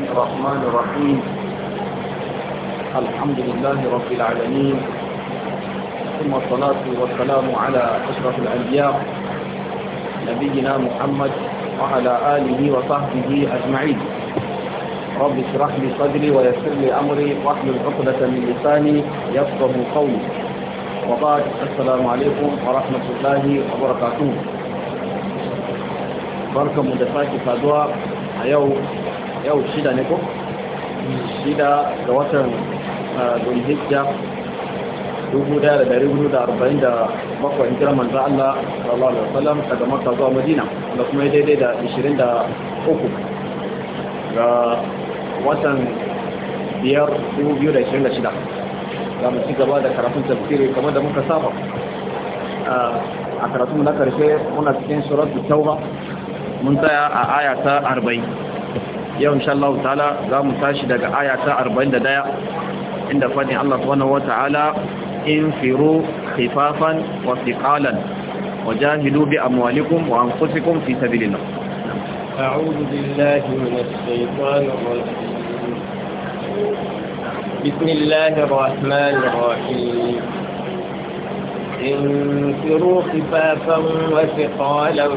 الله الرحمن الرحيم الحمد لله رب العالمين ثم الصلاة والسلام على أشرف الأنبياء نبينا محمد وعلى آله وصحبه أجمعين رب اشرح لي صدري ويسر لي أمري واحلل عقدة من لساني يفقه قولي وبعد السلام عليكم ورحمة الله وبركاته بركة مدفعة sake أيوه yau shida ne ko shida ga watan zulhijja ah, 1447 hijirar manzan Allah sallallahu alaihi wasallam daga Makka zuwa Madina da kuma daidai da ishirin da uku ga watan ishirin da za mu ci gaba da karatun tafsiri kamar da muka saba ah, a karatun na karshe muna cikin surat tauba mun tsaya a aya ta yau insha Allah ta'ala za mu tashi daga aya ta 41 inda fadin Allah subhanahu wata'ala infiru khifafan wa thiqalan wajahidu bi amwalikum wa anfusikum fi sabilillah a'udhu billahi minash shaitanir rajim bismillahir rahmanir rahim انفروا خفافا وثقالا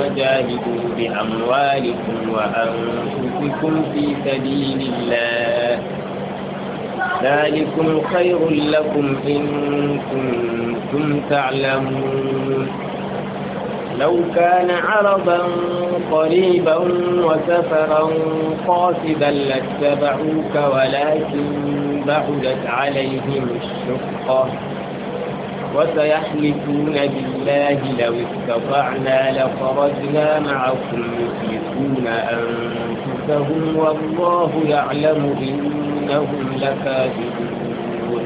وجاهدوا بأموالكم وأنفسكم في سبيل الله ذلكم خير لكم إن كنتم تعلمون لو كان عرضا قريبا وسفرا قاصدا لاتبعوك ولكن بعدت عليهم الشقه وسيحلفون بالله لو استطعنا لخرجنا معكم يخلفون أنفسهم والله يعلم إنهم لكاذبون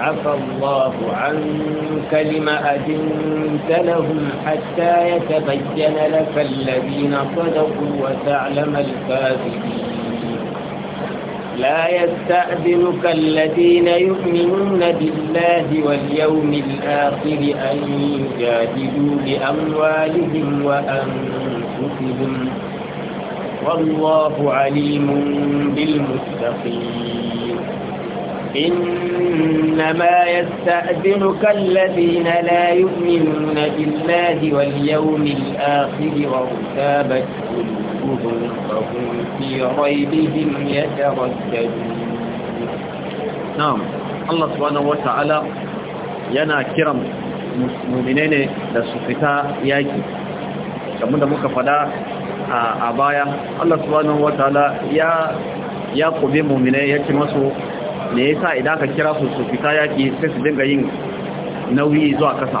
عفى الله عنك لم أذنت لهم حتى يتبين لك الذين صدقوا وتعلم الكاذبين لا يستأذنك الذين يؤمنون بالله واليوم الآخر أن يجاهدوا بأموالهم وأنفسهم والله عليم بالمتقين إنما يستأذنك الذين لا يؤمنون بالله واليوم الآخر وارتابت قلوبهم فهم في ريبهم يترددون نعم الله سبحانه وتعالى ينا كرم مؤمنين لصفتاء ياجي كما نبقى فلا أبايا الله سبحانه وتعالى يا يا قبي مؤمنين يكي مصر me sa idan ka kira su su fita yaƙi sai su dinga yin nauyi zuwa ƙasa?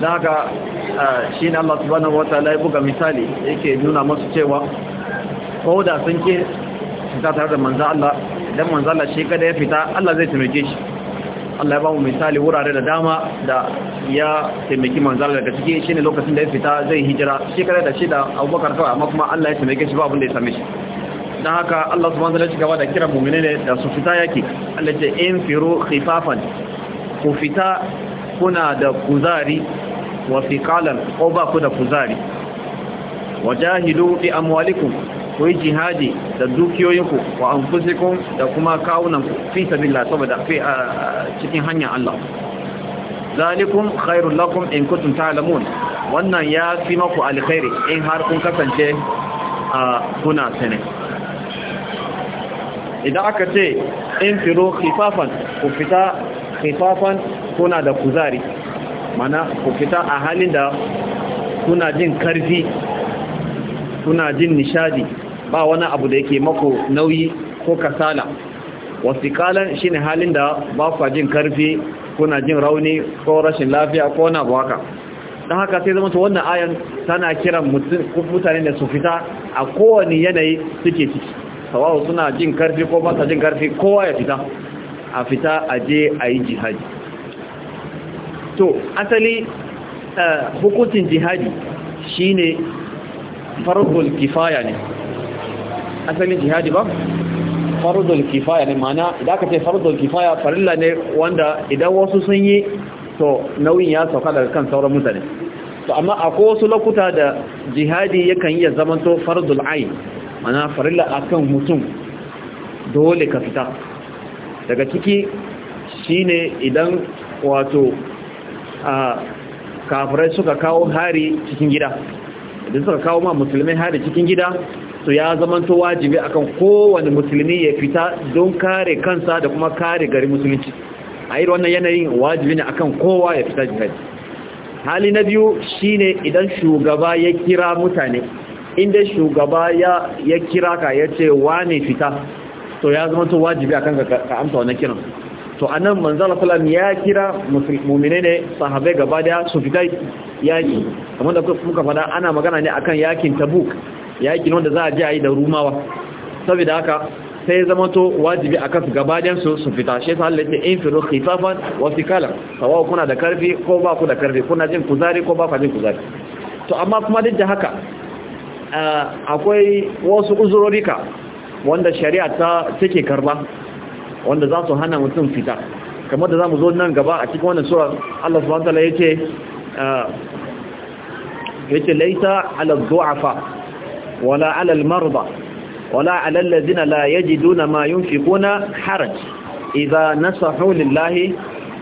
da haka shi na Allah subhanahu ta'ala ya buga misali yake nuna masu cewa ko da sun ke fita tare da manzo Allah idan manzo Allah shi kada ya fita Allah zai taimake shi Allah ya ba mu misali wurare da dama da ya taimaki manzo Allah daga ciki shine lokacin da ya fita zai hijira shi kada da shi da Abubakar kawai amma kuma Allah ya taimake shi ba abin da ya same shi don haka Allah subhanahu wa ta'ala gaba da kiran mu'mini ne da su fita yaki Allah ce in firu khifafan ku fita kuna da kuzari wa fiqalan ko ba ku da kuzari wajahidu bi amwalikum ku yi jihadi da dukiyoyinku wa anfusikum da kuma kawunan fi sabilillah saboda fi cikin hanyar Allah zalikum khairul lakum in kuntum ta'lamun wannan ya fi maku alkhairi in har kun kasance kuna sane idan aka ce in firo khifafan ku fita khifafan kuna da kuzari mana ku fita a halin da kuna jin karfi kuna jin nishadi ba wani abu da yake mako nauyi ko kasala Wasu shi shine halin da ba ku jin karfi kuna jin rauni ko rashin lafiya ko na baka don haka sai zama wannan ayan tana kiran mutane da su fita a kowane yanayi suke ciki sawawa suna jin karfi ko masa jin karfi kowa ya fita a fita a je a yi jihadi to asali eh, hukuncin jihadi shine farudul kifaya ne asalin jihadi ba farudul kifaya ne mana idan aka ce farudul kifaya farilla ne wanda idan wasu sun yi to nauyin ya sauka daga kan sauran mutane to amma akwai wasu lokuta da jihadi yakan iya zamanto farudul ain mana farilla akan mutum dole ka fita daga ciki shine idan wato a kafirai suka kawo hari cikin gida idan suka kawo ma musulmi hari cikin gida to ya zamanto wajibi akan kowane musulmi ya fita don kare kansa da kuma kare gari musulunci a yi wannan yanayin wajibi ne akan kowa ya fita jihadi hali na biyu shine idan shugaba ya kira mutane inda shugaba ya kira ka ya ce wane fita to ya zama to wajibi akan ka amsa wannan kiran to anan manzal sallam ya kira mu'mine ne sahabe gaba da su fita yaki kamar da kuka fada ana magana ne akan yakin tabuk yakin wanda za a je ayi da rumawa saboda haka sai zama to wajibi a gaba da su su fita shi sa halitta in fi khifafan wa fikala sawa kuna da karfi ko ba ku da karfi kuna jin kuzari ko ba ku jin kuzari to amma kuma duk da haka Eh, akwai wasu uzurorika wanda shari'a ta take karba wanda za su hana mutum fita kamar da za mu zo nan gaba a cikin wannan sura Allah subhanahu wataala yace eh, yace laita ala du'afa wala ala al-marda wala ala alladhina la yajiduna ma yunfiquna haraj idha nasahu lillahi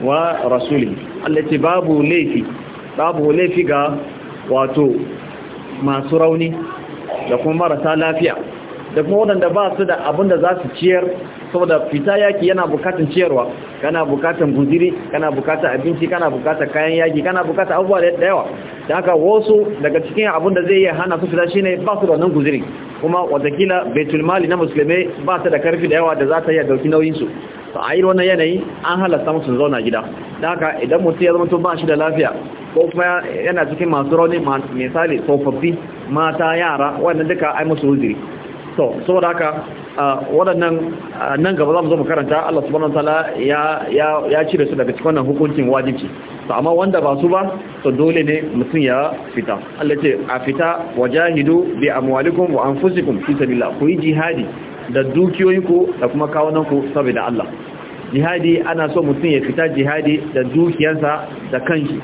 wa rasulihi allati babu laifi babu laifi ga wato masu rauni da kuma marasa lafiya da kuma waɗanda ba su da abin da za su ciyar saboda fita yaki yana bukatan ciyarwa kana bukatan guziri kana bukatun abinci kana bukatun kayan yaki kana bukatun abubuwa da yawa da haka wasu daga cikin abin da zai iya hana su fita shine ba su da wannan guziri kuma watakila baitul mali na musulmai ba su da karfi da yawa da za ta iya dauki nauyin su a yi wannan yanayi an halasta musu zauna gida da haka idan mutum ya zama to ba shi da lafiya ko kuma yana cikin masu rauni misali tsofaffi mata yara wannan duka ai musu uzuri so saboda haka uh, waɗannan uh, nan gaba za mu zo mu karanta Allah subhanahu wataala ya ya ya cire su daga cikin wannan hukuncin wajibi to amma wanda ba su ba to dole ne mutum ya fita Allah ce a fita wajahidu bi amwalikum wa anfusikum fi sabilillah ku yi jihadi da dukiyoyinku da kuma kawunanku saboda Allah jihadi ana so mutum ya fita jihadi da dukiyarsa da kanshi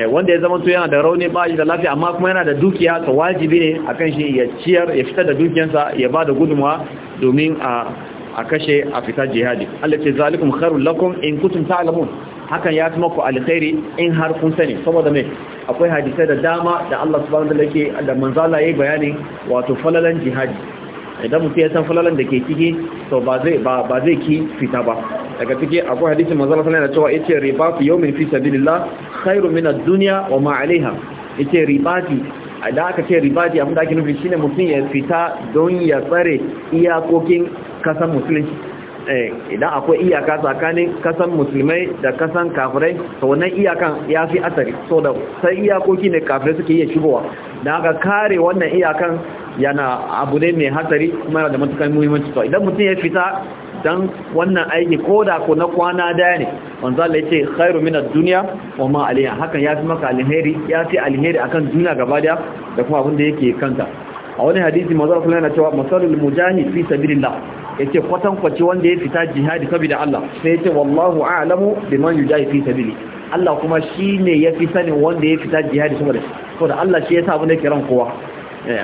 Eh, wanda ya zama to yana da rauni ba shi da lafiya amma kuma yana da dukiya to wajibi ne akan shi ya ciyar ya fitar da dukiyarsa ya ba da gudunmawa domin a kashe a fita jihadi Allah ce zalikum khairul lakum in kuntum ta'lamun hakan ya tuma ku alkhairi in har kun sani saboda me akwai hadisai da dama da Allah subhanahu wa ta'ala yake da manzala yayi bayani wato falalan jihadi idan mutum ya san falalan da ke ciki to ba zai ki fita ba daga ciki akwai hadisin manzo Allah da cewa ita yace riba fi yawmin fi sabilillah khairu min duniya wa ma ce riba fi da aka ce riba fi abinda ake nufi shine mutum ya fita don ya tsare iyakokin kasan musulunci eh, idan akwai iyaka tsakanin kasan musulmai da kasan kafirai to wannan iyakan ya fi asari so da sai iyakoki ne kafirai suke iya shigowa da aka kare wannan iyakan yana abu ne mai hatsari kuma yana da matukar muhimmanci to idan mutum ya fita dan wannan aiki ko da ko na kwana daya ne wanzu Allah yace khairu min ad-dunya wa ma alayha hakan fi maka alheri ya fi alheri akan duniya gaba daya da kuma abin da yake kanta a wani hadisi manzo Allah yana cewa masalul mujahid fi sabilillah yace kwatan kwaci wanda ya fita jihadi saboda Allah sai yace wallahu a'lamu biman yujahid fi sabili Allah kuma shine yafi sanin wanda ya fita jihadi saboda saboda Allah shi yasa abin da yake ran kowa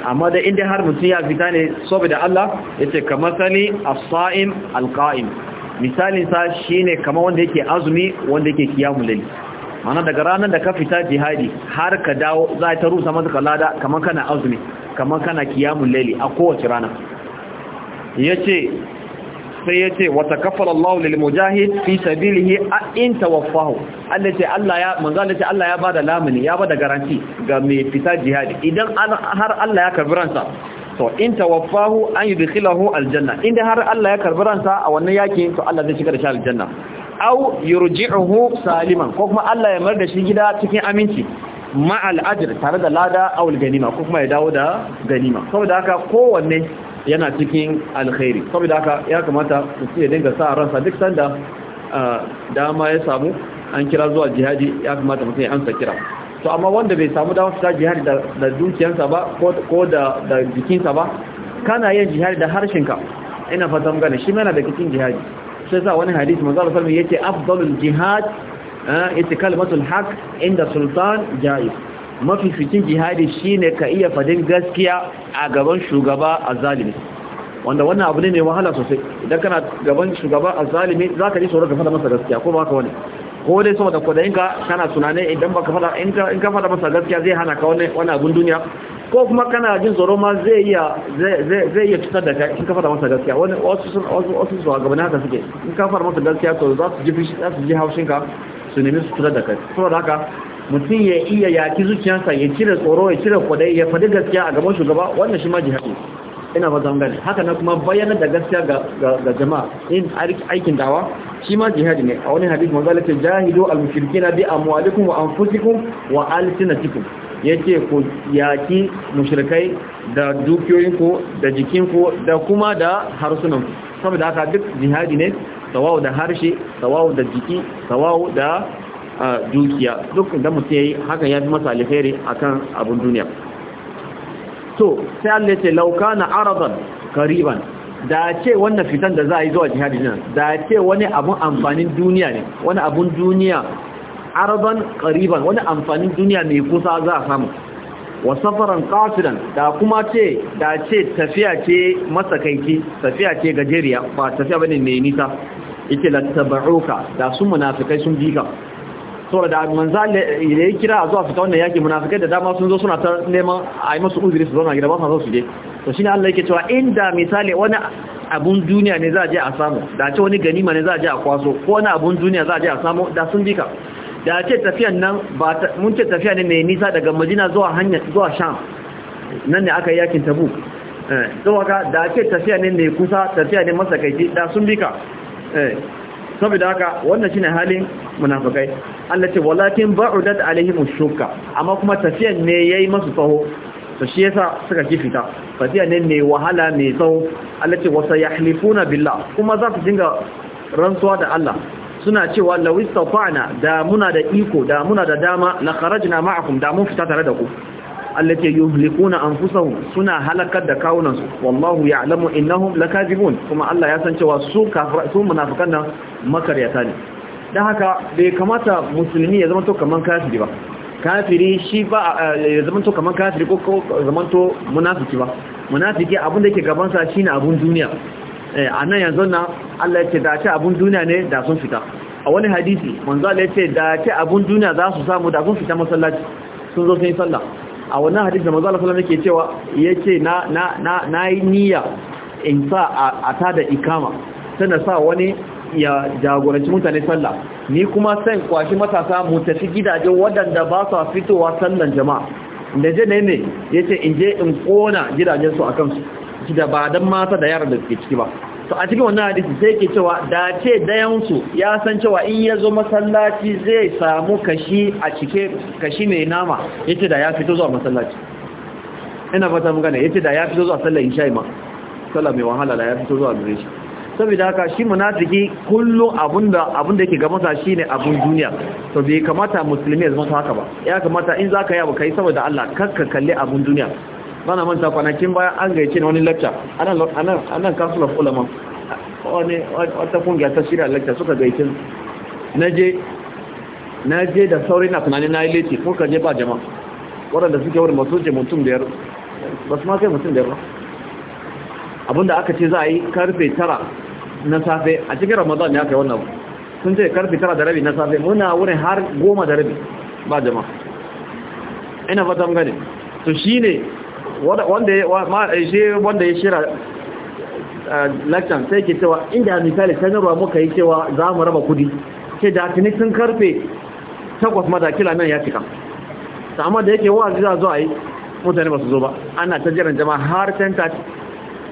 amma da inda har mutum ya fita ne saboda Allah yace kamar sani as-sa'im misalin sa shine kamar wanda yake azumi wanda yake kiyamul mana daga ranar da ka fita jihadi har ka dawo za a ta rusa mata lada kamar kana azumi kamar kana kiyamul a kowace rana ya ce. sai yace wa takaffala Allahu lil mujahid fi sabilihi in tawaffahu Allah Allah ya manzo ce Allah ya bada lamuni ya bada garanti ga mai fita jihadi idan har Allah ya karbi to in tawaffahu an yudkhilahu aljanna inda har Allah ya karbi ransa a wannan yakin to Allah zai shiga da shi aljanna aw yurji'uhu saliman ko kuma Allah ya mar da shi gida cikin aminci ma'al ajr tare da lada aw ganima ko kuma ya dawo da ganima saboda haka kowanne yana cikin alkhairi saboda haka ya kamata mutum ya dinga sa ransa duk sanda dama ya samu an kira zuwa jihadi ya kamata mutum ya amsa kira to amma wanda bai samu dama fita jihadi da dukiyarsa ba ko da jikinsa ba kana yin jihadi da harshenka ina fata magana shi mana da cikin jihadi sai sa wani hadisi manzo Allah sallallahu alaihi wasallam yace afdalul jihad eh, ita kalmatul haqq inda sultan jaiz mafificin jihadi shine ka iya fadin gaskiya a gaban shugaba zalimi wanda wannan abu ne mai wahala sosai idan kana gaban shugaba a azzalimi zaka ji tsoro ka fada masa gaskiya ko ba ka wani ko dai saboda kodayin ka kana tunanin idan baka fada in ka fada masa gaskiya zai hana ka wani wani abun duniya ko kuma kana jin tsoro ma zai iya zai zai iya cutar da kai in ka fada masa gaskiya wani wasu sun wasu wasu su gaban haka suke in ka fada masa gaskiya to za su ji za su ji su nemi su cutar da kai saboda haka mutum ya iya yaki zuciyarsa ya cire tsoro ya cire kwadai ya faɗi gaskiya a gaban shugaba wannan shi ma jihadi ina ba gane haka na kuma bayyana da gaskiya ga jama'a in aikin dawa shi ma jihadi ne a wani hadis manzo Allah ce jahidu al-mushrikina bi amwalikum wa anfusikum wa alsinatikum yace ku yaki mushrikai da dukiyoyinku da jikinku da kuma da harsunan saboda haka duk jihadi ne tawau da harshe tawau da jiki tawau da dukiya duk da mutum yayi hakan ya fi masa alheri akan abun duniya to sai Allah ya ce laukana aradan kariban da ce wannan fitan da za a yi zuwa jihadi nan da ce wani abun amfanin duniya ne wani abun duniya aradan kariban wani amfanin duniya mai kusa za a samu wa safaran qasidan da kuma ce da ce tafiya ce masakaici tafiya ce gajeriya ba tafiya bane mai nisa yake lattaba'uka da su munafikai sun bika saboda da manza da ya kira a zuwa fita wannan yaki munafikai da dama sun zo suna ta neman a yi masu uzuri su zauna gida ba su zo su je to shine Allah yake cewa inda misali wani abun duniya ne za a je a samu da ce wani ganima ne za a je a kwaso ko wani abun duniya za a je a samu da sun bika da ce tafiyan nan ba mun ce tafiya ne mai nisa daga Madina zuwa hanya zuwa Sham nan ne aka yi yakin Tabuk eh saboda da ce tafiya ne mai kusa tafiya ne masakaici da sun bika eh saboda haka wannan shine halin munafikai Allah ce walakin ba'udat alaihim shukka amma kuma tafiyan ne yayi masu tsaho to shi yasa suka kifita tafiya ne mai wahala mai tsaho Allah ce wasa billah kuma za su dinga rantsuwa da Allah suna cewa lawistafana da muna da iko da muna da dama la kharajna ma'akum da mun fita tare da ku Allah ce yuhlikuna anfusahum suna halakar da kawunan su wallahu ya'lamu innahum lakazibun kuma Allah ya san cewa su kafir su munafikan nan makaryata ne dan haka bai kamata musulmi ya zama to kaman kafiri ba kafiri shi ba ya zama to kaman kafiri ko zama to munafiki ba munafiki abin da yake gaban sa shine abun duniya eh, a nan yanzu nan Allah ya ce da ta abun duniya ne da sun fita a wani hadisi manzo Allah ya ce da ta abun duniya za su samu da sun fita masallaci sun zo sai yi sallah a wannan hadisi da manzo Allah yake cewa yace na na na nayi niyya in sa a tada ikama tana sa wani ya jagoranci mutane sallah ni kuma sai kwashi matasa mu tafi gidaje wadanda ba su fitowa sallan jama'a da je ne ne yace in je in kona gidajen su akan su da ba dan mata da yara da suke ciki ba to a cikin wannan hadisi sai ke cewa da ce dayansu ya san cewa in ya zo masallaci zai samu kashi a cike kashi mai nama yace da ya fito zuwa masallaci ina fata mun gane yace da ya fito zuwa sallar in shaima, sallar mai wahala da ya fito zuwa gare shi saboda haka shi munafiki kullum abunda abunda yake ga masa shine abun duniya to bai kamata musulmi ya zama haka ba ya kamata in zaka yi abu kai saboda Allah kakka kalle abun duniya bana manta kwanakin bayan an gaice wani lecture anan anan council of ulama wani wata kungiya ta shirya lecture suka gaice naje naje da sauri na tunanin na yi leti ko ka je ba jama'a waɗanda suke wurin masu je mutum da yaro ba ma kai mutum da yaro abinda aka ce za a yi karfe tara na safe a cikin ramadan ne aka yi wannan sun ce karfe tara da rabi na safe muna wurin har goma da rabi ba jama'a ina fata gane to shine wanda ya eh, shira eh, lakcan sai ke cewa inda misali sanarwa muka yi cewa za mu raba kudi ke da tuni sun karfe takwas matakila nan ya cika ta amma da yake wa'azi za zuwa yi mutane ba su zo ba ana ta jiran jama'a har 10:30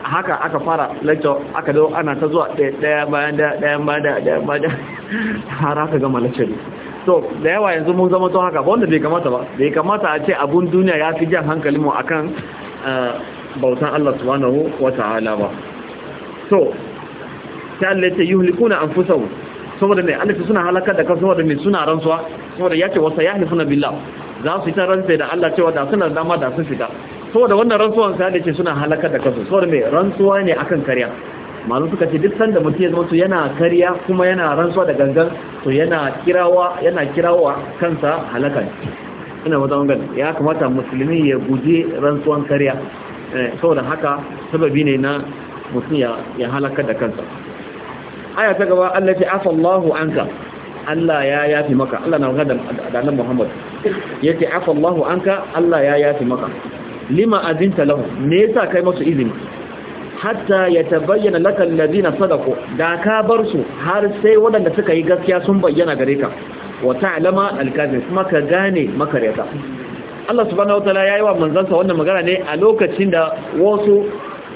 haka aka fara lakcan aka zo ana ta zuwa daya bayan daya bayan daya bayan daya har aka gama lecture to da yawa yanzu mun zama to haka ba wanda bai kamata ba bai kamata a ce abun duniya ya fi jan hankali mu akan eh, bautan Allah subhanahu ta'ala ba to ta Allah ta yuhlikuna anfusahum saboda ne Allah suna halaka da kansu saboda ne suna rantsuwa saboda yace wasa yahlifuna billah za su ta ransa da Allah cewa da suna dama da su fita saboda wannan rantsuwan sai da ce suna halaka da kansu saboda ne rantsuwa ne akan kariya malu suka ce duk sanda mutum ya zama yana kariya kuma yana rantsuwa da gangan to yana kirawa yana kirawa kansa halaka ina wata wangan ya kamata musulmi ya guji rantsuwan kariya eh, saboda haka sababi ne na mutum ya halaka da kansa aya ta gaba Allah ya afa Allahu anka Allah ya yafi maka Allah na magana da Annabi Muhammad yace afa Allahu anka Allah ya yafi maka lima azinta lahu me yasa kai masu izini hatta ya tabbayyana laka alladhina sadaqu da ka bar su har sai waɗanda suka yi gaskiya sun bayyana gare ka wa ta'lama alkazi kuma ka gane makareta Allah subhanahu wataala yayi wa manzansa wannan magana ne a lokacin da wasu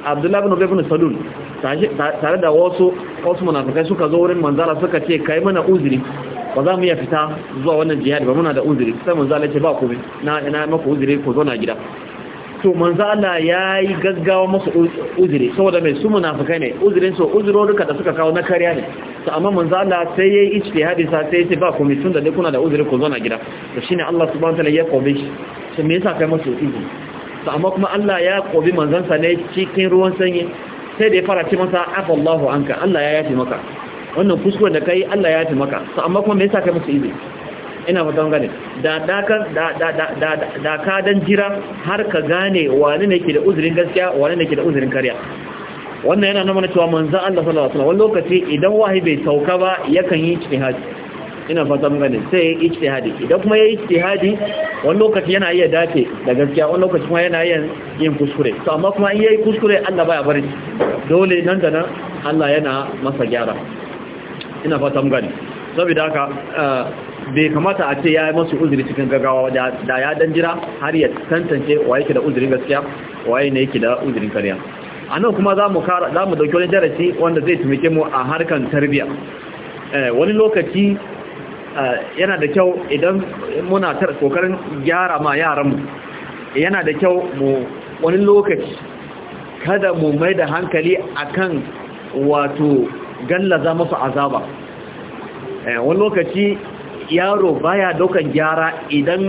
Abdullah ibn Ubay ibn Salul tare da wasu wasu munafikai suka zo wurin manzara suka ce kai mana uzuri ba za mu iya fita zuwa wannan jihad ba muna da uzuri sai manzala ce ba komai na ina maka uzuri ku zo na gida to manzo Allah yayi gaggawa musu uzuri saboda mai su munafikai ne uzurin su uzuro duka da suka kawo na kariya ne to amma manzo Allah sai yayi ijtihadi hadisa, sai yace ba ku tunda da kuna da uzuri ku na gida to shine Allah subhanahu wataala ya kobe shi to me yasa kai musu uzuri to amma kuma Allah ya kobe manzon sa ne cikin ruwan sanyi sai da ya fara ce masa afa Allahu anka Allah ya yafi maka wannan kuskure da kai Allah ya yafi maka to amma kuma me yasa kai musu uzuri ina fatan gane da da da ka dan jira har ka gane wani ne ke da uzurin gaskiya wani ne ke da uzurin karya wannan yana nuna cewa manzo Allah sallallahu alaihi wasallam wani lokaci idan wahi bai sauka ba yakan yi ijtihad ina fatan gane sai ya yi ijtihadi idan kuma ya yi ijtihadi wani lokaci yana iya dace da gaskiya wani lokaci kuma yana iya yin kuskure to amma kuma in yayi kuskure Allah baya bari dole nan da nan Allah yana masa gyara ina fatan gane saboda haka eh, bai kamata a ce ya yi masu uzuri cikin gaggawa da ya dan jira har ya tantance wa yake da uzurin gaskiya wa ne yake da uzurin karya a nan kuma za mu dauki wani darasi wanda zai tumike mu a harkan tarbiyya eh, wani lokaci eh, yana da kyau idan muna kokarin gyara ma yaranmu yana da kyau mu wani lokaci kada mu mai da hankali akan wato gallaza masu azaba eh, wani lokaci yaro baya daukan gyara idan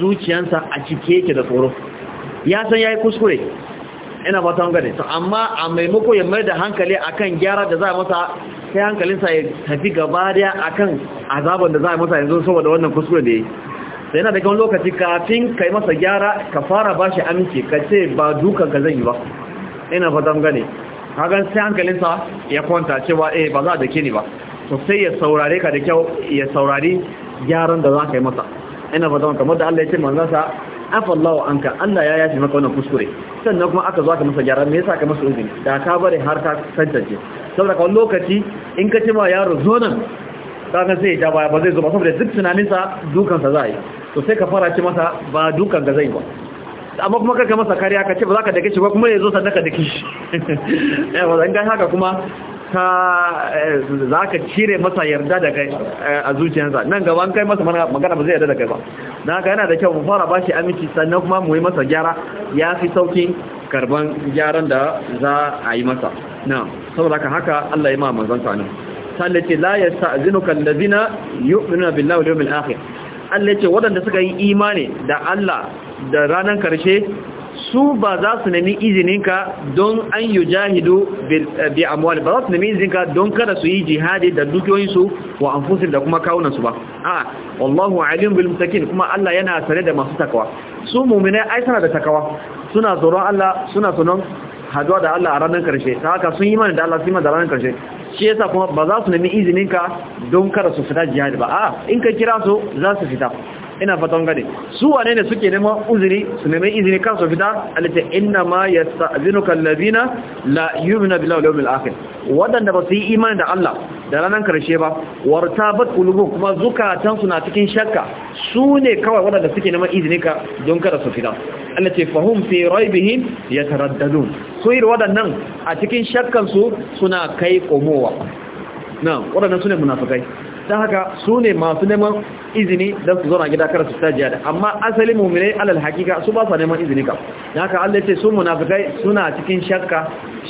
zuciyansa a cike yake da tsoro ya san yayi kuskure ina ba ta to amma a maimako ya mai da hankali akan gyara da za a masa sai hankalinsa ya tafi gaba daya akan azaban da za a masa yanzu saboda wannan kuskure da yayi sai yana daga lokaci kafin kai masa gyara ka fara bashi aminci ka ce ba duka ka zan yi ba ina ba ta hangare hagan sai hankalinsa ya kwanta cewa eh ba za a dake ni ba to sai ya saurare ka da kyau ya saurari gyaran da za ka yi masa ina fata kamar da Allah ya ce manzansa afallahu anka Allah ya yafi maka wannan kuskure sannan kuma aka zo aka masa gyara me yasa ka masa izini da ka bari har ka tantance saboda ka lokaci in ka ce ma yaro zo nan ga sai ya ja baya ba zai zo ba saboda duk tunaninsa dukansa dukan sa yi to sai ka fara ce masa ba dukan ga zai ba amma kuma kaka masa kariya ka ce ba za ka dake shi ba kuma ya zo sannan ka dake shi yawa in ga haka kuma ta eh, za ka cire masa yarda da kai eh, a zuciyarsa nan gaba an kai masa magana ba zai yarda da kai ba na haka yana da kyau mu fara ba shi aminci sannan kuma mu yi masa gyara ya fi saukin karban gyaran da za a yi masa na saboda ka haka Allah ya ma manzon sa ne sallati ce la yasta'zinuka allazina yu'minuna billahi wal yawmil akhir Allah ce waɗanda suka yi imani da Allah da ranar karshe su ba za su nemi izininka don an yi jahidu eh, bi amwali ba za su nemi izininka don kada su yi jihadi da dukiyoyinsu wa anfusin da kuma su ba a wallahu alim bil mutakin kuma Allah yana sare da masu takawa su mu'mina ai sana' da takawa suna tsoron Allah suna sunan haduwa da Allah a ranar karshe ta haka sun yi mana da Allah sun yi da ranar karshe shi yasa kuma ba za su nemi izininka don kada su fita jihadi ba a in ka kira su za su fita ina fatan gane su wane ne suke neman uzuri su neman izini kansu fita alita inna ma yasta'zinuka allazina la yu'minu billahi wal yawmil akhir wadanda ba su yi imani da Allah da ranar karshe ba ba kulubu kuma zukatan su na cikin shakka su ne kawai wadanda suke neman izini ka don kada su fita alita fahim fi raibihim yataraddadun su yi a cikin shakkan suna kai komowa na su ne don haka su ne masu neman izini don su zauna gida kar su tajiya da amma asalin mummune alal hakika su ba su neman izini ka don haka allah ce su munafikai suna cikin shakka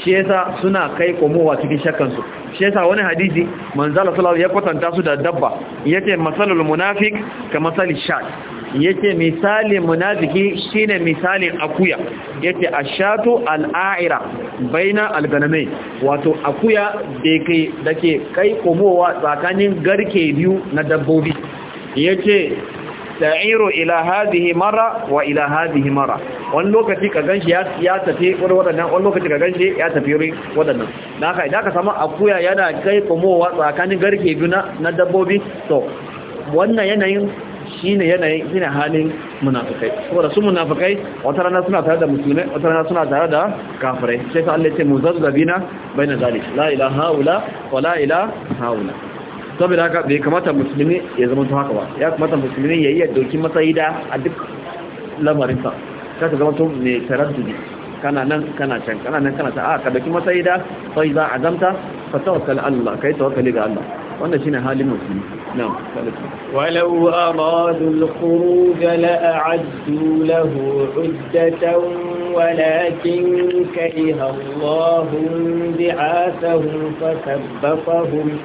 shi yasa suna kai komowa cikin shakkansu shi yasa wani hadisi manzala sallallahu ya kwatanta su da dabba yace masalul munafik ka masali shat yace misali munafiki shine misalin akuya yace ashatu al'aira baina alganamai wato akuya da ke dake kai komowa tsakanin garke biyu na dabbobi yace ta'iru ila hadhihi mara wa ila hadhihi mara wani lokaci ka ganshi ya tafi wadannan wani lokaci ka ganshi ya tafi wurin wadannan dan haka idan ka samu akuya yana kai komowa tsakanin garke biyu na dabbobi to wannan yanayin Shi ne yanayin shine halin munafikai saboda su munafikai wata rana suna tare da musulmai wata rana suna tare da kafirai sai ka Allah ya ce bai na zali, la ila haula wa la ila haula saboda haka bai kamata musulmi ya zama ta haka ba ya kamata musulmi ya yi dokin matsayi da a duk lamarin sa ka zama tun mai taraddudi kana nan kana can kana nan kana ta a ka doki matsayi da sai za zamta ka tawakkal Allah kai tawakkali ga Allah wannan shine halin musulmi نعم ولو أرادوا الخروج لأعدوا له عدة ولكن كره الله بعاثهم فثبطهم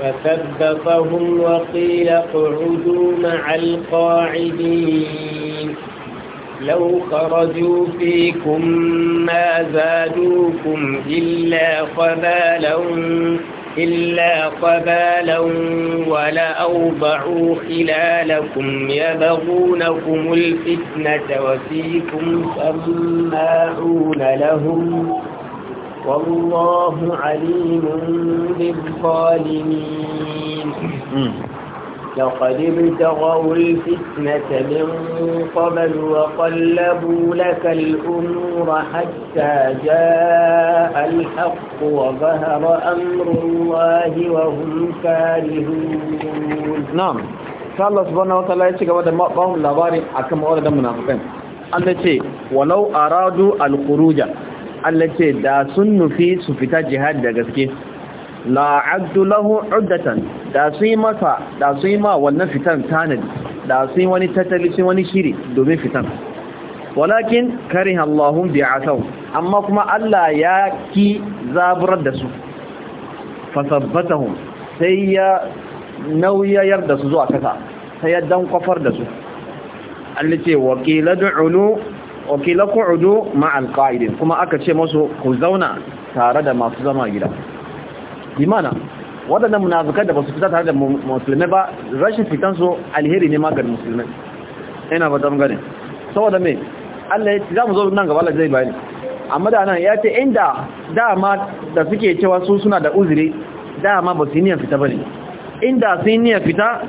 فثبطهم وقيل اقعدوا مع القاعدين لو خرجوا فيكم ما زادوكم إلا خبالا إلا قبالا ولأوضعوا خلالكم يبغونكم الفتنة وفيكم سماعون لهم والله عليم بالظالمين لقد ابتغوا الفتنة من قبل وقلبوا لك الأمور حتى جاء الحق وظهر أمر الله وهم كارهون نعم الله سبحانه وتعالى يتكوى دمقهم لباري أكما أولا دمنا فقين أنا تي ولو أرادوا الخروج التي تي دا سنو في سفتا جهاد دا جسكي la addu lahu uddatan da su yi da su yi ma wannan fitan tanadi da su yi wani tattali su wani shiri domin fitan walakin kariha Allahum bi amma kuma Allah ya ki zaburar da su fasabbatahum sai ya nauyayar da su zuwa kasa sai ya dan kwafar da su allace wakila du'ulu wakila ku'udu ma qa'idin kuma aka ce masu ku zauna tare da masu zama gida imana waɗannan munafikai da ba su fita tare da musulmai ba rashin fitan su alheri ne maganin musulmai ina ba zama gane saboda me Allah ya za mu zo nan gaba Allah zai bayani amma da nan ya ce inda dama da suke cewa su suna da uzuri dama ba su yi niyan fita ne inda sun yi niyan fita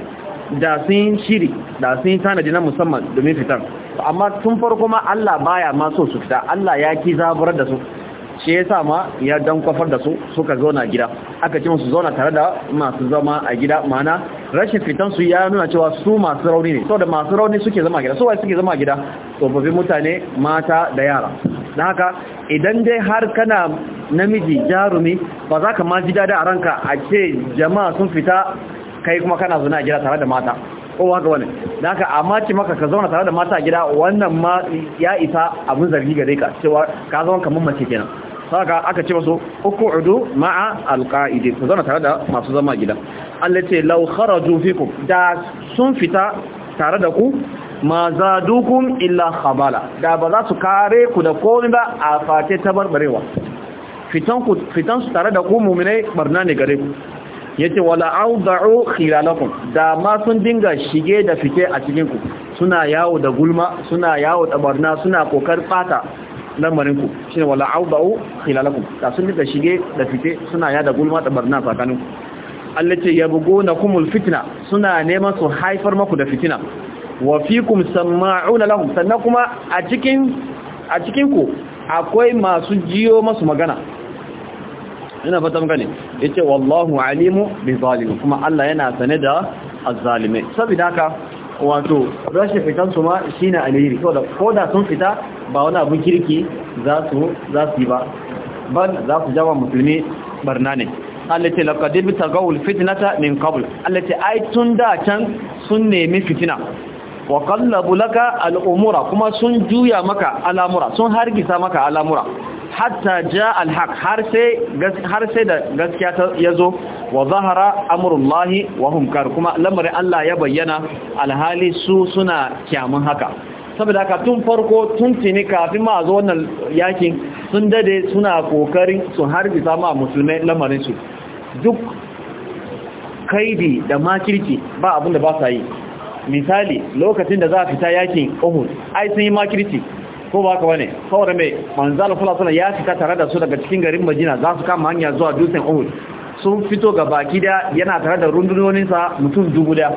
da sun shiri da sun yi tanadi na musamman domin fitan amma tun farko ma Allah baya ma so su fita Allah ya ki zaburar da su shi sa ma ya dan kwafar da su suka zauna gida aka ce musu zauna tare da masu zama a gida mana rashin fitan su ya nuna cewa su masu rauni ne saboda masu rauni suke zama gida su wai suke zama gida tsofaffin mutane mata da yara don haka idan dai har kana namiji jarumi ba za ka ma ji dada a ranka a ce jama'a sun fita kai kuma kana zuna gida tare da mata ko haka wani da haka amma ce maka ka zauna tare da mata a gida wannan ma ya isa abin zargi gare ka cewa ka zama kamar mace kenan saka aka ce masu uku udu ma'a alqa'idi ku zana tare da masu zama gida Allah ce kharaju fikum da sun fita tare da ku ma dukun illa khabala da ba za su kare ku da komai ba a fate ta barbarewa fitan su tare da ku mu'minai barna ne gare ku ya yace wala na ku da ma sun dinga shige da fice a cikinku suna yawo da gulma suna yawo da barna suna kokar fata lamarin ku ne wala audau khilalaku da sun dinka shige da fite suna yada gulma da barna tsakanin ku Allah ce kumul fitna suna neman su haifar maku da fitina wa fikum sama'una lahum sannan kuma a cikin a cikin ku akwai masu jiyo masu magana ina fata magana yace wallahu alimu bi zalimin kuma Allah yana sane da azzalime saboda haka wato rashin fitan su ma shine alheri saboda ko da sun fita ba wani abin kirki za su yi ba ban za su jama musulmi barna ne allati laqad ibtagaw ta min Allah ce ai tun da can sun nemi fitina wa kallabu laka al'umura kuma sun juya maka al'amura sun hargisa maka al'amura hatta ja alhaq har sai da gaskiya ta yazo wa zahara amrullahi wa hum kar kuma lamarin Allah ya bayyana alhali su suna kyamun haka saboda haka tun farko tun tini kafin ma zo wannan yakin sun dade suna kokarin su harbi sama musulmai lamarin su duk kaidi da kirki ba abinda ba sa yi misali lokacin da za a fita yakin Uhud ai sun yi makirci ko ba ka wane saboda mai manzala kula suna ya fita tare da su daga cikin garin majina za su kama hanya zuwa dutsen ohun sun fito ga baki da yana tare da rundunoninsa mutum dubu da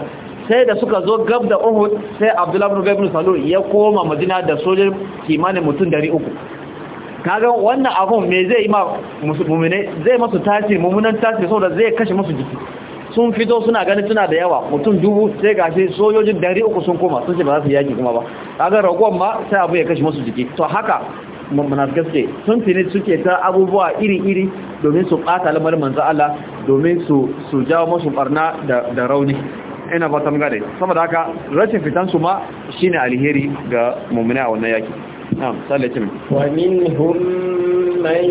sai da suka zo gab da ohun sai abdullahi bin ibn ya koma majina da sojin kimanin mutum 300 kaga wannan abun me zai yi ma masu tasiri mummunan tasiri saboda zai kashe musu jiki sun fito suna ganin suna da yawa mutum dubu sai gashi sojojin dari uku sun koma sun ce ba za su yaki kuma ba kaga ragon ma sai abu ya kashe masu jiki to haka gaske sun tuni suke ta abubuwa iri-iri domin su ɓata lamarin manzo Allah domin su su jawo masu barna da rauni ina ba ta Sama saboda haka rashin fitan su ma shine alheri ga mu'mina a wannan yaki نعم صلى الله ومنهم من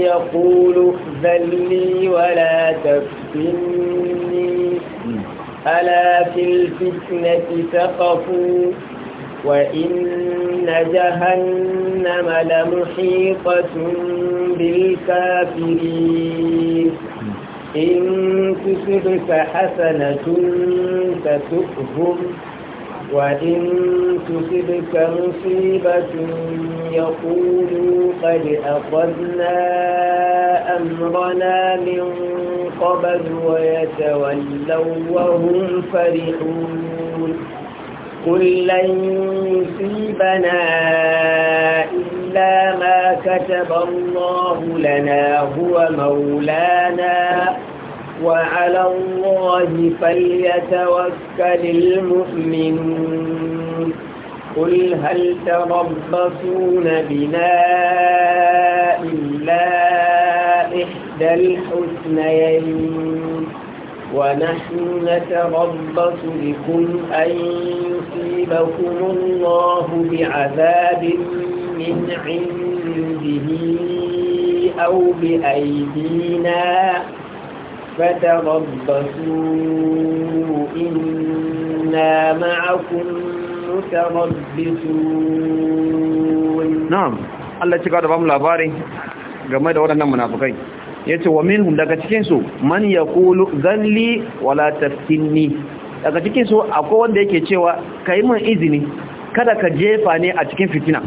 يقول ذلي ولا تفتني ألا في الفتنة سقفوا وإن جهنم لمحيطة بالكافرين إن تصبك حسنة تسؤهم وإن تصبك مصيبة يقولوا قد أخذنا أمرنا من قبل ويتولوا وهم فرحون قل لن يصيبنا إلا ما كتب الله لنا هو مولانا وعلى الله فليتوكل المؤمنون قل هل تربصون بنا إلا إحدى الحسنيين ونحن نتربص بكم أن يصيبكم الله بعذاب من عنده أو بأيدينا فتربصوا إنا معكم متربصون نعم Allah ci gaba da bamu labarin game da waɗannan munafukai yace wa minhum daga cikin su man yaqulu zalli wala taftinni daga cikinsu akwai wanda yake cewa kai min izini kada ka jefa ne a cikin fitina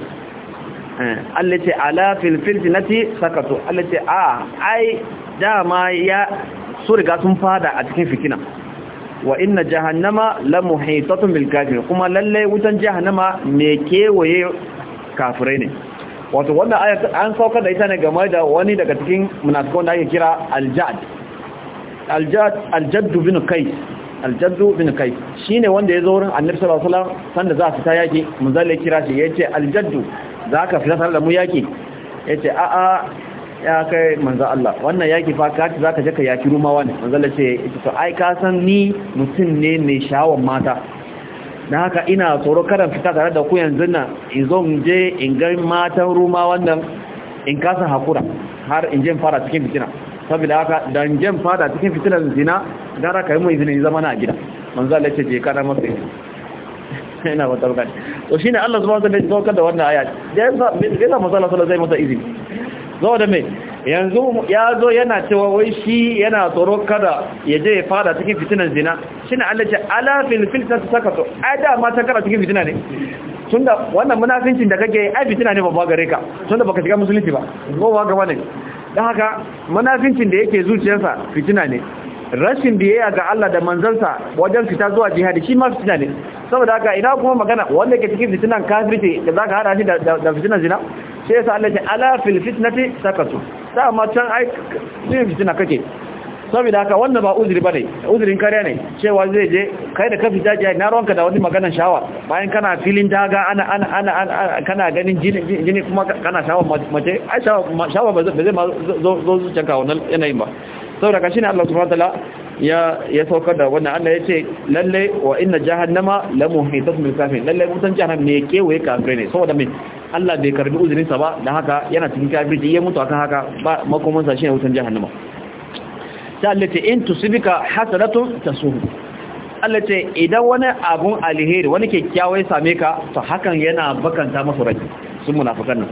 Allah ce ala fil fitnati sakatu Allah ce a ai dama ya su riga sun fada a cikin fitina wa inna jahannama la muhitatun bil kafirin kuma lalle wutan jahannama me kewaye kafirai ne wato wannan aya an saukar da ita ne game da wani daga cikin munafikan da ake kira aljad aljad aljadd bin Kai? aljadd bin kai shine wanda zo wurin annabi sallallahu alaihi wasallam sanda za su ta yaki mun zalle kira shi yace aljadd zaka fita tare da mu yaki yace a a ya kai manzo Allah wannan yaki fa ka zaka je ka yaki rumawa ne manzo Allah ce to ai ka san ni mutum ne mai shawon mata dan haka ina tsoro karan fita tare da ku yanzu nan in zo je in ga matan rumawa wannan in kasa hakura har in je fara cikin fitina saboda haka dan je fara cikin fitina zina gara kai mu izini zama na gida manzo Allah ce je da mafi ina wata bukata to shine Allah subhanahu wa ta'ala ya saukar da wannan aya dan ba me yasa manzo Allah sallallahu alaihi wasallam zai masa izini zo da mai yanzu ya zo yana cewa wai shi yana tsoro kada ya je ya fada cikin fitinan zina shi na allace alafin filta su saka so ai da ma ta kara cikin fitina ne tun da wannan munafincin da kake ai fitina ne babba gare ka tun da baka shiga musulunci ba ko ba gaba ne don haka munafincin da yake zuciyarsa fitina ne rashin biyayya ga Allah da manzansa wajen fita zuwa jihadi shi ma fitina ne saboda haka ina kuma magana wanda ke cikin fitinan kafirci da zaka hada shi da fitinan zina sai yasa Allah ya ce ala fil fitnati sakatu da ma can ai cikin fitina kake saboda haka wanda ba uzuri bane uzurin kariya ne cewa zai je kai da kafi jaji na ruwanka da wani magana shawa bayan kana filin daga ana ana ana kana ganin jini jini kuma kana shawa mace ai shawa ba zai zo zuciyanka wannan yanayin ba saboda ka shine Allah subhanahu wataala ya saukar da wannan Allah ya ce lalle wa inna jahannama la muhitatun bil kafirin lalle mutan jahannama ne kewaye kafirai ne saboda me Allah bai karbi uzurin sa ba dan haka yana cikin kafirci ya mutu akan haka ba makoman sa shine mutan jahannama ta Allah ce in tusibika hasanatun tasuhu Allah ce idan wani abun alheri wani kyakkyawa ya same ka to hakan yana bakanta masa rai sun munafikan nan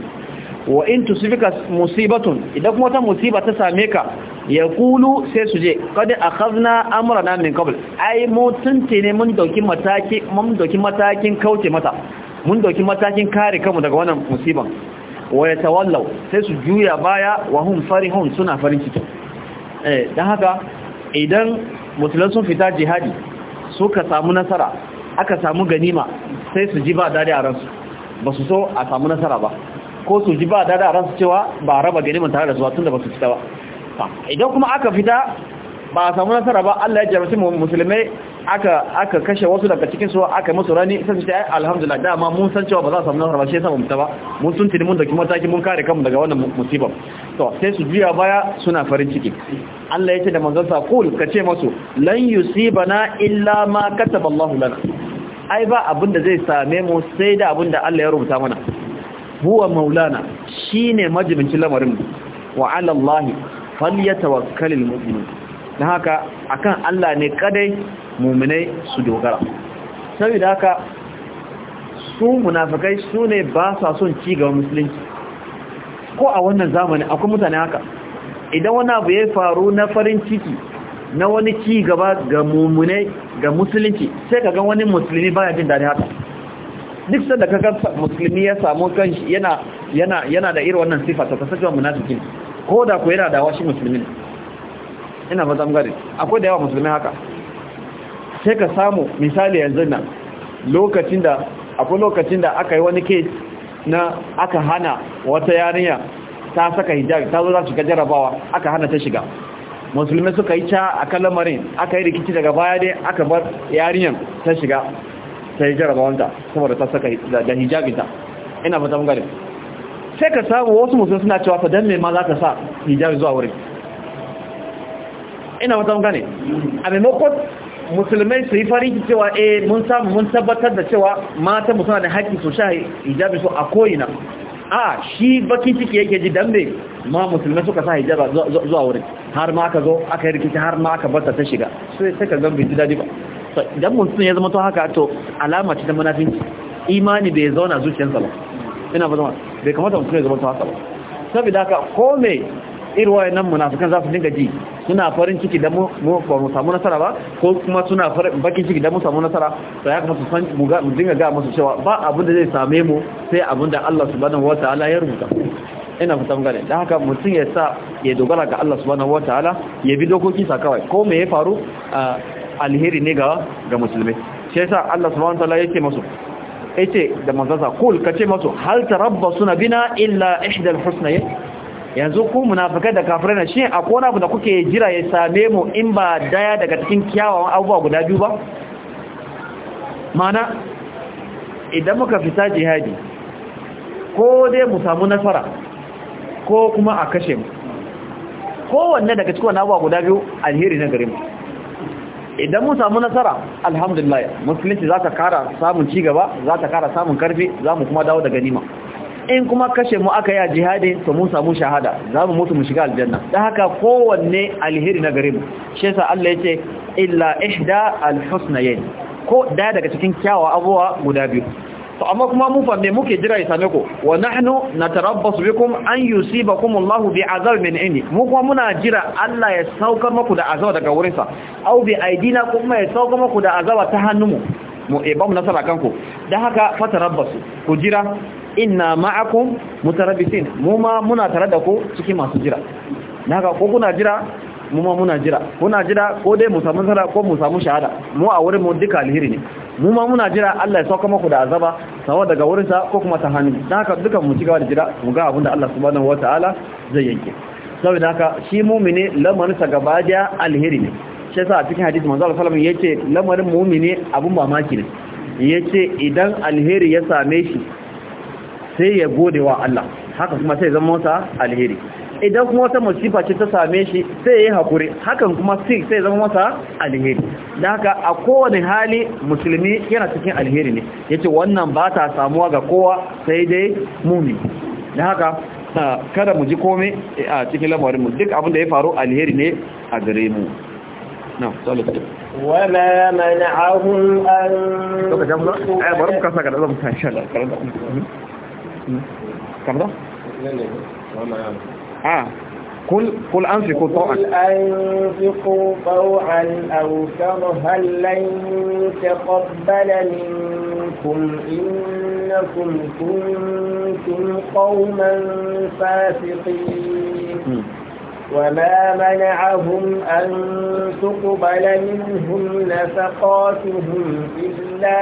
wa in tusibika musibatun idan kuma ta musiba ta same ka ya kulu sai su je kada a kazna amura na min kabul ai mu ce ne mun dauki matakin kauce mata mun dauki matakin kare kanmu daga wannan musiban wa ya tawallau sai su juya baya wa hum farihun suna farin ciki eh dan haka idan musulmai sun fita jihadi suka samu nasara aka samu ganima sai su ji ba dadi a ransu ba su so a samu nasara ba ko su ji ba dadi a ransu cewa ba raba ganima tare da zuwa tun da ba su fita ba idan kuma aka fita ba a samu nasara ba Allah ya jarumci musulmai aka aka kashe wasu daga cikin su aka musu rani sai su ce alhamdulillah dama mun san cewa ba za su samu nasara ba shi yasa mun ba mun sun tuni mun da kuma taki mun kare kanmu daga wannan musiba to sai su juya baya suna farin ciki Allah ya ce da manzon sa kul ka ce musu lan yusibana illa ma kataba Allah lana ai ba abin da zai same mu sai da abin da Allah ya rubuta mana huwa maulana shine majibincin lamarin wa ala Allah falyatawakkalul mu'minun dan haka akan Allah ne kadai mu'minai su dogara saboda haka su munafikai su ne ba sa son ci gaba musulunci ko a wannan zamani akwai mutane haka idan wani abu ya faru na farin ciki na wani ci gaba ga muminai ga musulunci sai ka ga wani musulmi baya jin daɗi haka duk sanda ka ga musulmi ya samu kanshi yana yana yana da irin wannan sifa ta kasancewa munafikin ko da ku yana da washi musulmi ne ina ba zamgare akwai da yawa musulmi haka sai ka samu misali yanzu nan lokacin da akwai lokacin da aka yi wani case na aka hana wata yarinya ta saka hijabi ta zo za su jarabawa aka hana ta shiga musulmi suka yi ca a kan lamarin aka yi rikici daga baya dai aka bar yarinyar ta shiga ta yi jarabawanta saboda ta saka da hijabinta ina fata mun gari sai ka samu wasu musu suna cewa fa mai ma za ka sa hijabi zuwa wurin ina wata gane a maimakon musulmai su yi farin cewa e mun samu mun tabbatar da cewa mata musu da haƙƙi su sha hijabi su a koyina a shi baki ciki yake ji dambe ma musulmai suka sa hijaba zuwa wurin har ma aka zo aka yi rikici har ma aka bata ta shiga sai sai ka zan bai ji daɗi ba idan mutum ya zama to haka to alama ce ta munafinci imani bai zauna zuciyarsa ba ina ba zama bai kamata mutum ya zama ta haka ba saboda haka ko me irin nan munafikan za su dinga ji suna farin ciki da mu ba mu samu nasara ba ko kuma suna farin bakin ciki da mu samu nasara da ya kamata san mu dinga ga musu cewa ba abin da zai same mu sai abin da Allah subhanahu wataala ya rubuta ina fitan gane da haka mutum ya sa ya dogara ga Allah subhanahu wataala ya bi dokokin sa kawai ko me ya faru alheri ne ga ga musulmai shi yasa Allah subhanahu wataala yake masu yace da manzansa kul kace masu hal tarabbasuna bina illa ihdal husnayn yanzu ku munafikai da kafirai ne shin akwai wani abu da kuke jira ya same mu in ba daya daga cikin kyawawan abubuwa guda biyu ba mana idan muka fita jihadi ko dai mu samu nasara ko kuma a kashe mu kowanne daga cikin abubuwa guda biyu alheri na gare mu idan mun samu nasara alhamdulillah musulunci za ta kara samun cigaba za ta kara samun karfi za mu kuma dawo da ganima in kuma kashe mu aka yi a jihadi to mun samu shahada za mu mutu mu shiga aljanna da haka kowanne alheri na gare mu shi yasa Allah yace illa ihda alhusnayn ko daya daga cikin kyawawa abuwa guda biyu to amma kuma mu fa me muke jira isa ku wa nahnu natarabbasu bikum an yusibakum Allahu bi azab min indi mu kuma muna jira Allah ya saukar muku da azaba daga wurin sa au bi aidina kuma ya sauka muku da azaba ta hannunmu mu e ba mu nasara kanku dan haka fatarabbasu ku jira inna ma'akum mutarabbisin mu ma muna tare da ku cikin masu jira dan haka ko kuna jira mu ma muna jira muna jira ko dai mu samu nasara ko mu samu shahada mu a wurin mu duka alheri ne mu ma muna jira Allah ya sauka muku da azaba sawa daga wurin sa ko kuma ta hannu dan haka duka mu cigaba da jira mu ga abin da Allah subhanahu wataala zai yanke saboda haka shi mumini lamarin sa gaba da alheri ne shi yasa a cikin hadisi manzo Allah sallallahu alaihi wasallam yace lamarin mumini abun mamaki ne yace idan alheri ya same shi sai ya gode wa Allah haka kuma sai zama masa alheri idan kuma wata masifa ce ta same shi sai ya yi haƙuri hakan kuma sai sai zama masa alheri da haka a kowane hali musulmi yana cikin alheri ne ya ce wannan ba ta samuwa ga kowa sai dai mumi da haka kada mu ji kome a cikin lamarinmu duk abinda ya faru alheri ne a gare mu na salatu آه. قل قل أنفقوا طوعا قل أنفقوا طوعا أو كرها لن يتقبل منكم إنكم كنتم قوما فاسقين وما منعهم أن تقبل منهم نفقاتهم إلا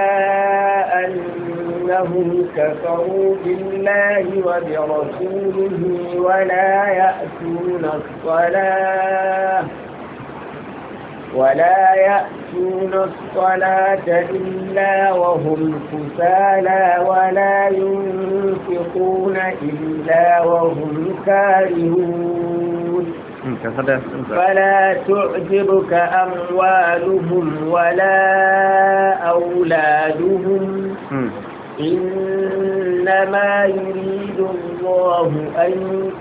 أنهم كفروا بالله وبرسوله ولا يأتون الصلاة ولا يأتون الصلاة إلا وهم كسالى ولا ينفقون إلا وهم كارهون فلا تعجبك أموالهم ولا أولادهم إنما يريد الله الله أن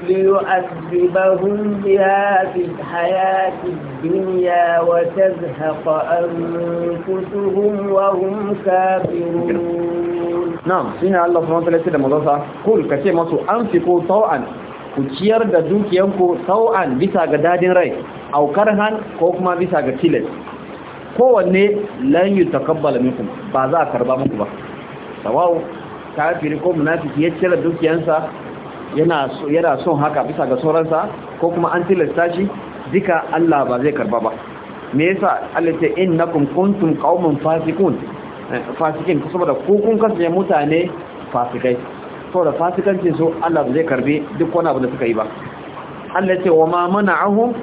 ليعذبهم بها في الحياة الدنيا وتزهق أنفسهم وهم كافرون نعم سينا الله سبحانه وتعالى سيدة مضاصة قل كثير مصر أنفقوا طوعا ku دادوك ينكو dukiyanku بسا قداد رأي أو كرها كوكما بسا قتلت kowanne lan yi takabbala minkum ba za a karba muku ba sawau kafiri ko munafiki ya cire dukiyansa yana son haka bisa ga sauransa ko kuma an tilasta shi duka Allah ba zai karba ba me yasa Allah ya ce innakum kuntum qauman fasikun eh, fasikin da ku kun kasance mutane fasikai da fasikanci so Allah ba zai karbe duk wani abu da suka yi ba Allah ya ce wa ma mana'ahum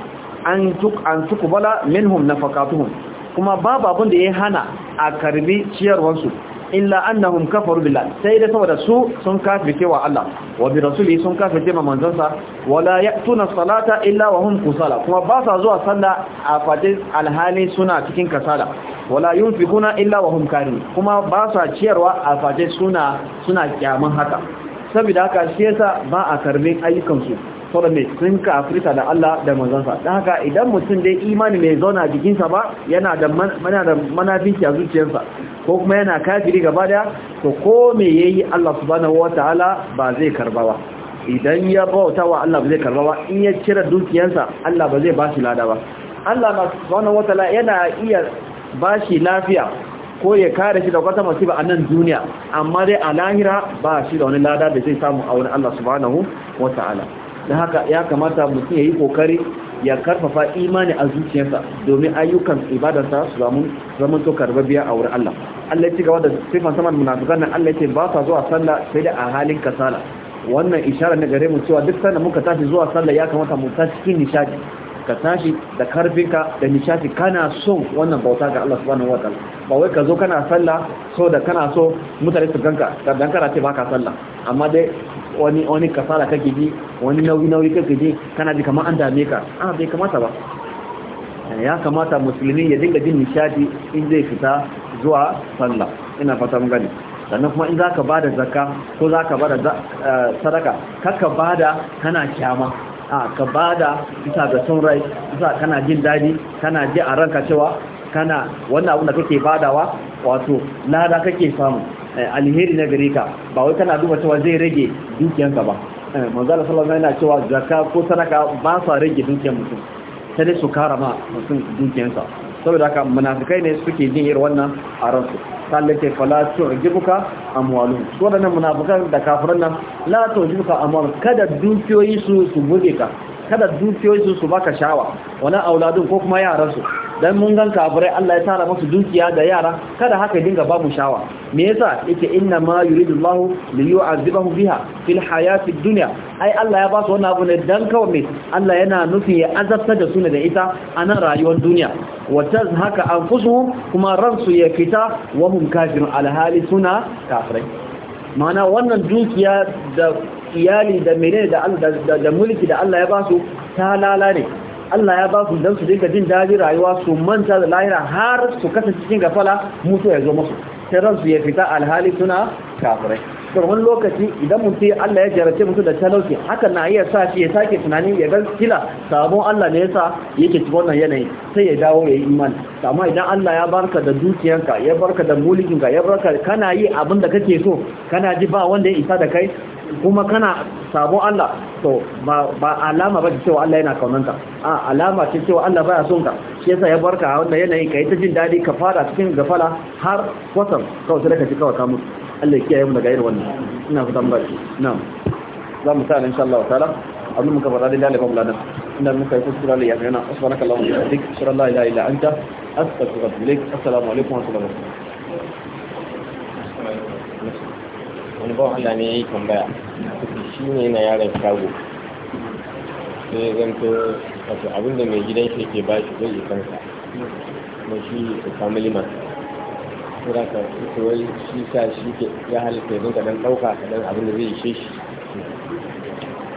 an tuk an tukbala minhum nafaqatuhum kuma babu abin da ya hana a karbi ciyarwarsu illa annahum kafaru billah sai da saboda su sun kafi cewa Allah wa bi rasuli sun kafirce ma manzansa wala ya'tuna salata illa wa hum kusala kuma ba sa zuwa sallah a fatin alhali suna cikin kasala wala yunfikuna illa wa hum kuma ba sa ciyarwa a fatin suna suna kyamun haka saboda haka shi yasa ba a karbin ayyukan su sauran mai sun kafirta da Allah da manzansa don haka idan mutum dai imani mai zauna a jikinsa ba yana da manafinci a zuciyarsa ko kuma yana kafiri gaba daya to ko me yi Allah subhanahu ala ba zai karba ba idan ya bauta wa Allah ba zai karba ba in ya cire dukiyarsa Allah ba zai ba shi lada ba Allah subhanahu yana iya ba shi lafiya ko ya kare shi da wata masifa a nan duniya amma dai a lahira ba shi da wani lada da zai samu a wani Allah subhanahu ta'ala da haka ya kamata mutum ya yi kokari ya karfafa imani a zuciyarsa domin ayyukan ibadarsa su zamun zaman to karbabiya a wurin Allah Allah ya ci gaba da sifan saman munafikan nan Allah yake ba sa zuwa sallah sai da a halin kasala wannan isharar na gare mu cewa duk sanda muka tashi zuwa sallah ya kamata mu tashi cikin nishadi ka tashi da karfinka da nishadi kana son wannan bauta ga Allah subhanahu wataala ba wai ka zo kana sallah so da kana so mutane su ganka dan kana ce baka sallah amma dai wani wani kasala kake ji wani nauyi nauyi kake ji kana ji kamar an dame ka a ah, bai kamata ba eh, ya kamata musulmi ya dinga jin nishadi in zai fita zuwa sallah ina fata mun gani sannan kuma in zaka bada zakka ko zaka bada eh, sadaka kaka bada kana kyama a ah, ka bada bisa ga son bisa kana jin dadi kana ji a ranka cewa kana wannan abin da kake badawa wato lada kake samu Eh, alheri na gare ka ba wai kana duba cewa zai rage dukiyanka ba eh, Allah sallallahu alaihi yana cewa zakka ko sadaka ba sa rage dukiyan mutum sai dai su kara ma mutum dukiyansa saboda haka munafikai ne suke jin irin wannan a ransu sallace fala tu'jibuka amwalu so da munafikan da kafiran nan la tu'jibuka amwalu kada dukiyoyi su su bude ka kada dukiyoyi su su baka shawa wala auladun ko kuma yaran su dan mun ganka kafirai Allah ya tara musu dukiya da yara kada haka dinga ba mu shawa me yasa yake inna ma Allah li yu'azibahu biha fil hayati dunya ai Allah ya ba su wannan abu ne dan kawai me Allah yana nufi ya azabta da su da ita a nan rayuwar duniya wa tazhaka anfusuhum kuma ransu ya fita wa hum kafirun alhali suna kafirai mana wannan dukiya da iyali da menene da da mulki da Allah ya ba su ta lalane. Allah ya ba su dan su dinga jin daɗi rayuwa su manta da lahira har su kasance cikin gafala mutu ya zo musu sai su ya fita alhali suna kafirai wani lokaci idan mutum Allah ya jarace mutu da talauci hakan na iya sa shi ya sake tunani ya ga kila sabon Allah ne yasa yake cikin wannan yanayi sai ya dawo ya yi imani amma idan Allah ya barka da dukiyanka ya barka da mulkinka ya barka kana yi abin da kake so kana ji ba wanda ya isa da kai kuma kana sabon Allah to ba alama ba cewa Allah yana kaunanka a alama ce cewa Allah baya son ka shi yasa ya barka a wannan yanayi kai ta jin dadi ka fara cikin gafala har kwatsam kawai sai ka ci kawai ka mutu Allah ya kiyaye mu daga irin wannan ina fatan barki na'am za mu sa insha Allah ta'ala abin muka fara da mu bulana inda muka yi kuskura da yana subhanakallahumma wa bihamdika ashhadu an la ilaha illa anta astaghfiruka wa atubu ilaik assalamu alaikum wa rahmatullahi wa barakatuh wani bawan Allah ne ya yi tambaya shi ne na yaren shago sai ya zanto wato abinda mai gidan shi ke ba shi zai kansa kuma shi family man kira ka wai shi sa shi ke ya halitta yanzu kadan ɗauka dan abinda zai yi shi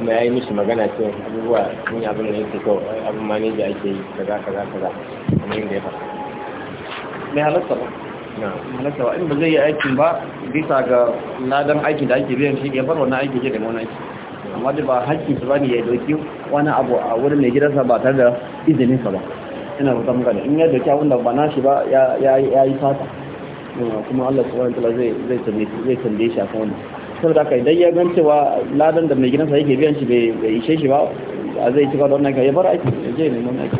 kuma ya yi mishi magana ce abubuwa sun yi abin da yake kawo abin maneji ake yi kaza kaza kaza kamar yadda ya faɗa. Mai halatta ba. halatta zai yi aikin ba bisa ga ladan aikin da ake biyan shi ya bar wannan aiki ke da wani aiki amma da ba hakkin su bane ya doki wani abu a wurin mai gidansa ba tare da izinin sa ba ina ba samu gani in ya doki abin da ba nashi ba ya yi fata kuma Allah subhanahu wataala zai zai tambaye zai tambaye shi akan wannan saboda haka idan ya gan cewa ladan da mai gidansa yake biyan shi bai ishe shi ba zai ci gaba da wannan ya bar aiki ya je neman aiki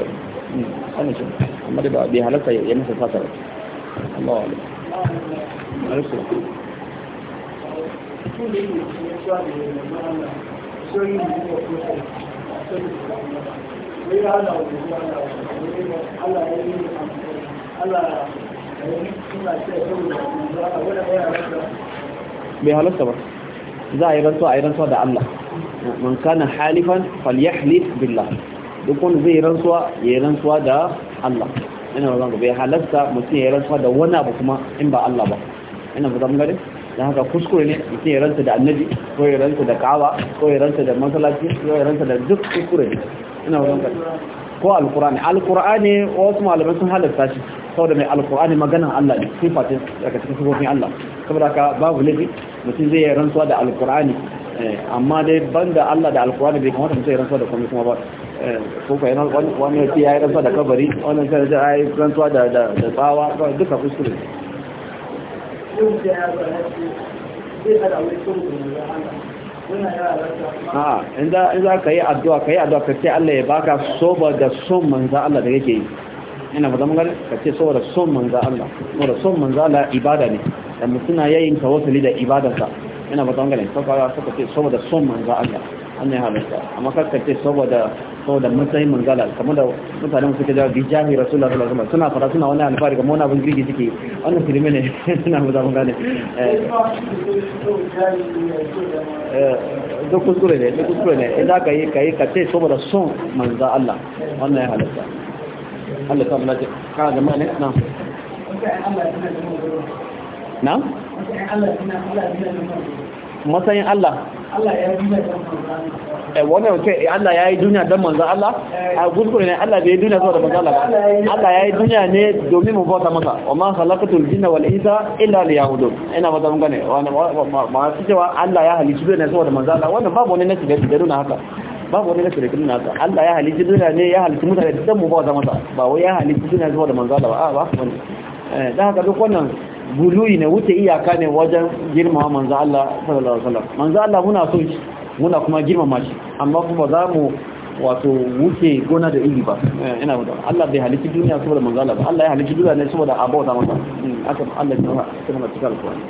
hmm, wannan shi amma da ba bai halarta ya fata ba الله الله الله الله الله الله الله الله الله الله من الله حالفا الله بالله الله زي الله يرنسوا الله الله ina ba ga bai halarta mutum ya rantsuwa da wani abu kuma in ba Allah ba ina ba zan gani da haka kuskure ne mutum ya rantsa da annabi ko ya rantsa da kawa ko ya rantsa da masallaci ko ya rantsa da duk kuskure ne ina ba zan gani ko alkur'ani alkur'ani wasu malamai sun halarta shi saboda mai alkur'ani maganan Allah ne sifa ce daga cikin sifofin Allah saboda ka babu ne mutum zai rantsuwa da alkur'ani eh, amma dai banda Allah da alkur'ani bai kamata mutum ya rantsuwa da komai kuma ba Eh, ko fa yana wani yace yayi rantsuwa da kabari wani yake da yayi rantsuwa da da da tsawa duka kuskure inda in za ka yi addu'a ka yi addu'a ka ce Allah ya soba da son manza Allah da yake yi ina ba zama gari ka ce da son manza Allah da son manza Allah ibada ne da mutuna yayin ka wasu lida ibadarsa ina ba zama gari saboda suka ce saboda son manza Allah an ne halitta amma kakka ce kakkace da saboda mun sai mun zala kamar da mutanen suke jawo bi jahi rasulullah sallallahu alaihi wasallam suna fara suna wani alfari ga mona bin gidi suke wannan filimin ne suna mu zamu gane eh. Eh, duk kuskure ne duk kuskure ne idan ka yi ka yi ka ce saboda son manzo Allah wannan ya halatta Allah ta mulaka ka ga mane na na matsayin Allah wannan ce Allah ya yi duniya don manzo Allah eh, eh, eh. a gurkure ne Allah bai yi duniya da manzo Allah Allah ya yi duniya ne domin mu bauta masa wa ma khalaqatul jinna wal insa illa liya'budun ina ba zan gane ma su cewa Allah ya halici duniya zuwa da manzo Allah wannan babu wani nasi da shi na haka babu wani na da shi haka Allah ya halici duniya ne ya halici mutane don mu bauta masa ba wai ya halici duniya zuwa da manzo Allah ba a ba wannan da haka duk wannan guluyi ne wuce iyaka ne wajen girmama manzo Allah sallallahu alaihi wasallam manzo Allah muna so shi muna kuma girmama shi amma kuma za mu wato wuce gona da iri ba eh, ina da Allah bai halici duniya saboda manzo Allah ba Allah ya halici duniya ne saboda abota masa hmm, aka Allah ya fara cikin cikin alƙur'ani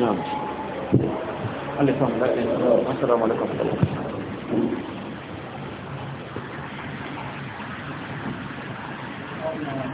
na'am Allah ya samu lafiya assalamu alaikum